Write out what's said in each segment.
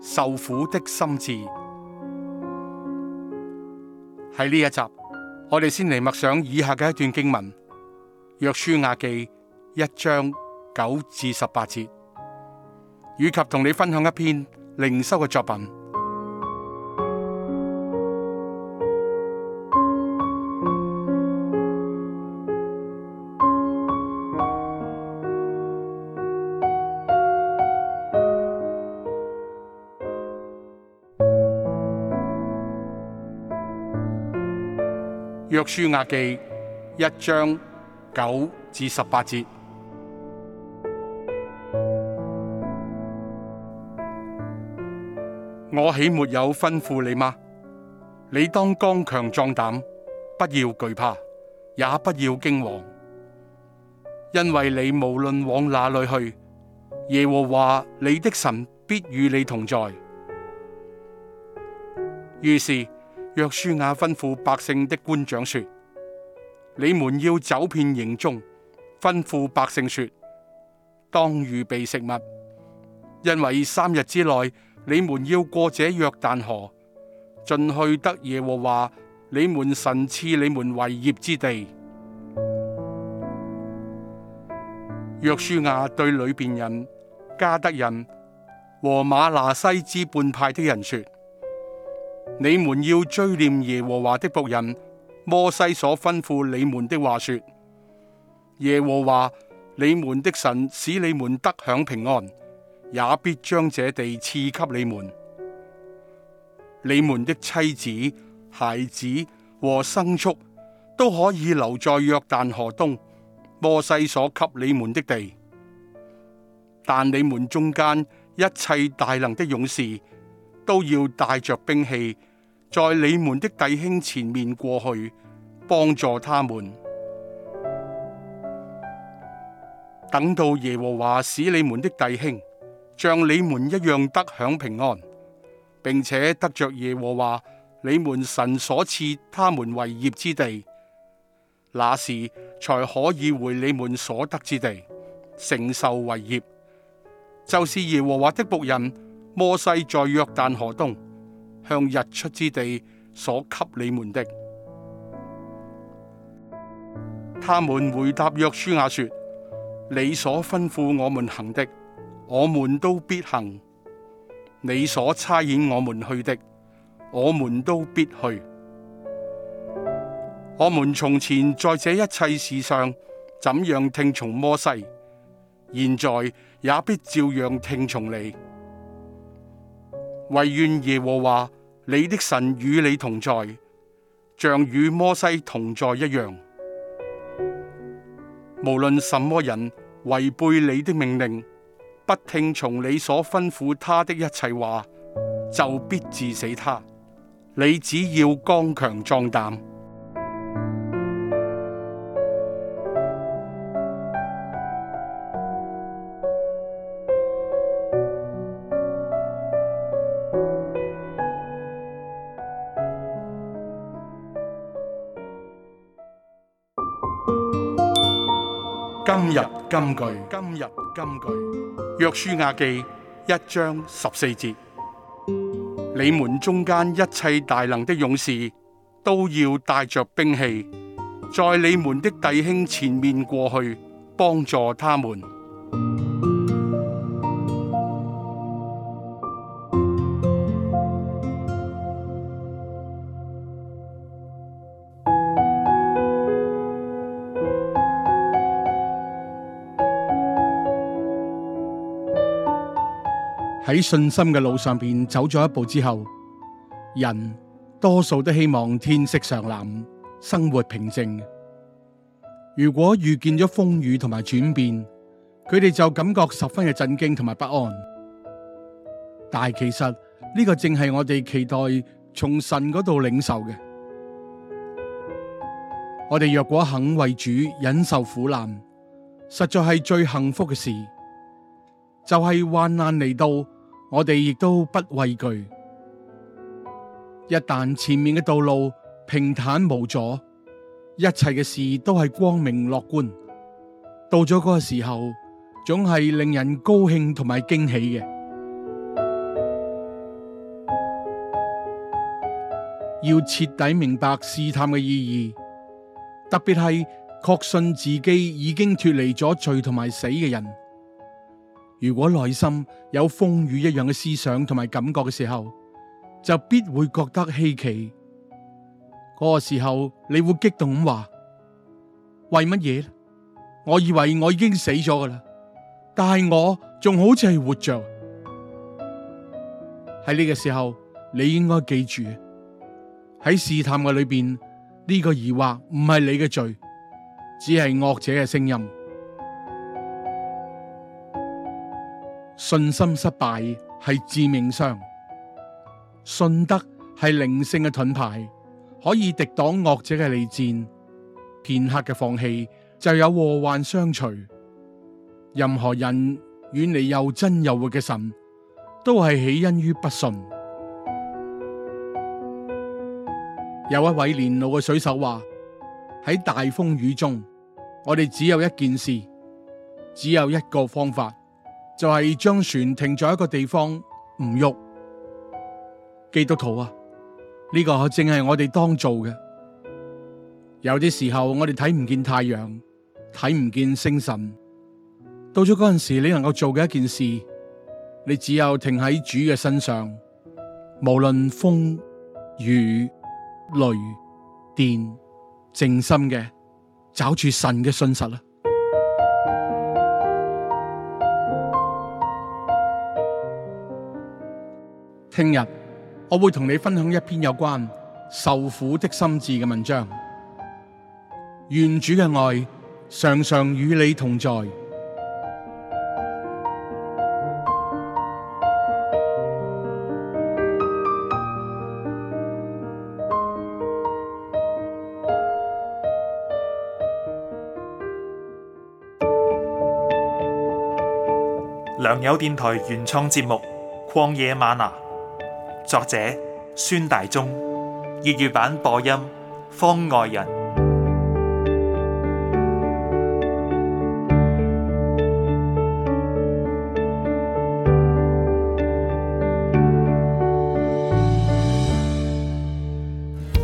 受苦的心志。喺呢一集，我哋先嚟默想以下嘅一段經文《約書亞記》一章九至十八節，以及同你分享一篇靈修嘅作品。約書亞記一章九至十八節，我豈沒有吩咐你嗎？你當剛強壯膽，不要懼怕，也不要驚惶，因為你無論往哪裏去，耶和華你的神必與你同在。於是。約書亞吩咐百姓的官長說：你們要走遍營中，吩咐百姓說：當預備食物，因為三日之內你們要過這約旦河，進去得耶和華你們神賜你們為業之地。約書亞對裏邊人、加得人和瑪拿西之半派的人說。你們要追念耶和華的僕人摩西所吩咐你們的話說：耶和華你們的神使你們得享平安，也必將這地賜給你們。你們的妻子、孩子和牲畜都可以留在約旦河東，摩西所給你們的地。但你們中間一切大能的勇士都要帶着兵器，在你們的弟兄前面過去，幫助他們。等到耶和華使你們的弟兄像你們一樣得享平安，並且得着耶和華你們神所賜他們為業之地，那時才可以回你們所得之地，承受為業。就是耶和華的僕人摩西在約旦河東。向日出之地所給你們的，他們回答約書亞說：你所吩咐我們行的，我們都必行；你所差遣我們去的，我們都必去。我們從前在這一切事上怎樣聽從摩西，現在也必照樣聽從你。唯願耶和華你的神與你同在，像與摩西同在一樣。無論什麼人違背你的命令，不聽從你所吩咐他的一切話，就必致死治死他。你只要剛強壯膽。今日金，金句。今日金句。約書亞記一章十四節：你們中間一切大能的勇士，都要帶着兵器，在你們的弟兄前面過去，幫助他們。喺信心嘅路上邊走咗一步之後，人多數都希望天色常藍，生活平靜。如果遇見咗風雨同埋轉變，佢哋就感覺十分嘅震驚同埋不安。但係其實呢個正係我哋期待從神嗰度領受嘅。我哋若果肯為主忍受苦難，實在係最幸福嘅事，就係患難嚟到。我哋亦都不畏懼，一旦前面嘅道路平坦無阻，一切嘅事都係光明樂觀。到咗嗰個時候，總係令人高興同埋驚喜嘅。要徹底明白試探嘅意義，特別係確信自己已經脱離咗罪同埋死嘅人。如果內心有風雨一樣嘅思想同埋感覺嘅時候，就必會覺得稀奇。嗰個時候，你會激動咁話：為乜嘢？我以為我已經死咗噶啦，但係我仲好似係活着。喺呢個時候，你應該記住喺試探嘅裏邊，呢個疑惑唔係你嘅罪，只係惡者嘅聲音。信心失敗係致命傷，信德係靈性嘅盾牌，可以抵擋惡者嘅利箭。片刻嘅放棄就有禍患相隨。任何人遠離又真又活嘅神，都係起因於不信。 有一位年老嘅水手話：喺大風雨中，我哋只有一件事，只有一個方法。就係將船停在一個地方唔喐，基督徒啊，呢個正係我哋當做嘅。有啲時候我哋睇唔見太陽，睇唔見星辰，到咗嗰陣時，你能夠做嘅一件事，你只有停喺主嘅身上，無論風雨雷電，靜心嘅找住神嘅信實啦。聽日我會同你分享一篇有關受苦的心志嘅文章。願主嘅愛常常與你同在。良友電台原創節目《曠野嗎哪》。作者：孫大中，粵語版播音：方外人，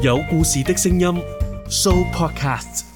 有故事嘅聲音，Show Podcast。